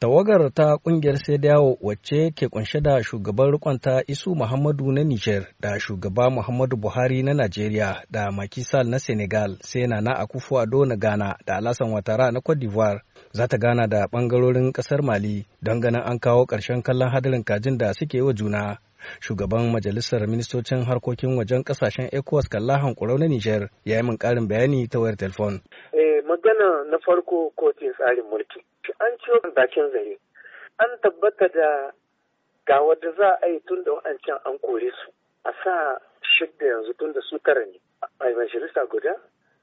Tawagar ta kungiyar sai dawo wacce ke kunshe da shugaban rikonta Isu Muhammadu na niger da shugaba Muhammadu Buhari na Najeriya da Makisal na Senegal sai na akufu ado na Ghana da Alasan Watara na Cote d'Ivoire za ta gana da bangarorin kasar Mali don ganin an kawo karshen kallon hadarin kajin da suke yi wa juna. shugaban majalisar ministocin harkokin wajen kasashen ecowas kalla hankurau na niger ya yi min karin bayani ta wayar telefon. Eh, magana na farko kotun tsarin mulki ci an ciwo bakin zare an tabbata da ga wadda za a yi tun da wa'ancan an kore su a sa shidda yanzu tun da su tara ne a majalisa guda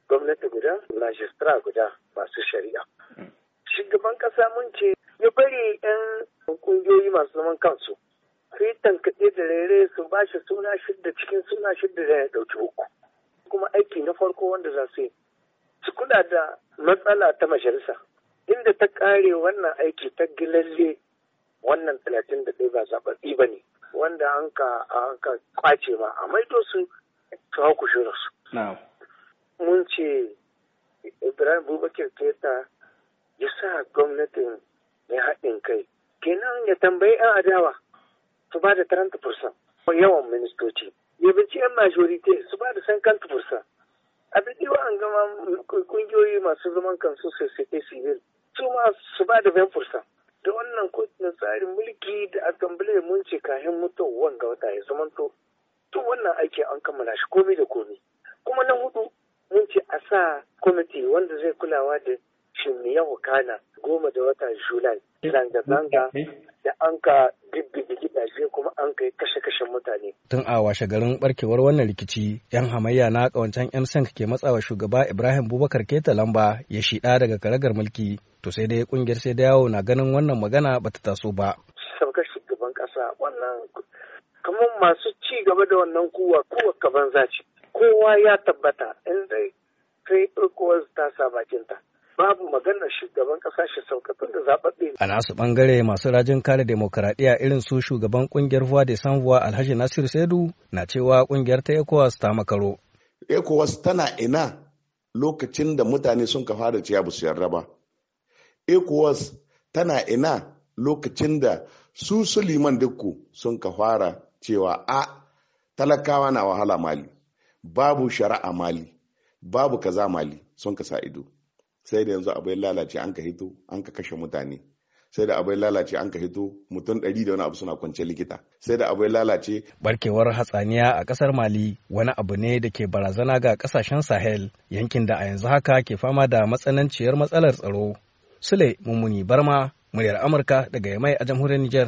gwamnati guda majistra guda masu shari'a hmm. shugaban kasa mun ce ya bari yan ƙungiyoyi masu zaman kansu su yi tankaɗe da rere su ba shi suna shidda cikin suna shidda da ya ɗauki uku kuma aiki na farko wanda za su yi su kula da matsala ta majalisa inda ta kare wannan aiki ta gilalle wannan talatin da ɗaya ba zaɓaɓɓi ba ne wanda an ka kwace ba a maido su kawo ku shura su. Mun ce Ibrahim Bubakar Keta ya sa gwamnatin ya haɗin kai kenan ya tambayi 'yan adawa su ba da 30% yawan ministoci ya bici 'yan majorite su ba da san kanta fursa yi wa an gama kungiyoyi masu zaman kansu society civil su ma su ba da bayan fursa da wannan kotun tsarin mulki da assembly mun ce kahin mutuwan ga wata ya zamanto to wannan aiki an kammala shi komai da komai kuma na hudu mun ce a sa kwamiti wanda zai kulawa da shimiyar wakana goma da wata julai eh, zanga-zanga eh, eh. da an ka an kai kashe kashe mutane. Tun a washe garin barkewar wannan rikici, 'yan hamayya na kawancan 'yan sank ke matsawa shugaba Ibrahim Bubakar Keta lamba ya shiɗa daga karagar mulki. To sai dai kungiyar sai da yawo na ganin wannan magana bata taso ba. Sabga shugaban ƙasa wannan kamar masu ci gaba da wannan kuwa kuwa kaban zaci. Kowa ya tabbata in dai kai ta sa bakinta. babu maganar shugaban kasa shi saukatar da zaɓaɓɓe. A nasu ɓangare masu rajin kare demokaradiyya irin su shugaban ƙungiyar Voix de Sanvoix Alhaji Nasir Saidu na cewa ƙungiyar ta ECOWAS ta makaro. ECOWAS tana ina lokacin da mutane sun ka fara ciya ba su yarda ba. ECOWAS tana ina lokacin da su Suliman Dukku sun ka fara cewa a talakawa na wahala mali, babu shari'a mali, babu kaza mali sun ka sa ido. sai da yanzu abin lalace an ka hito an ka kashe mutane sai da abin lalace an ka hito mutum ɗari da wani abu suna kwance likita sai da abin lalace barkewar hatsaniya a ƙasar mali wani abu ne da ke barazana ga ƙasashen sahel yankin da a yanzu haka ke fama da matsananciyar matsalar tsaro sule mummuni barma muryar amurka daga yamai a jamhuriyar niger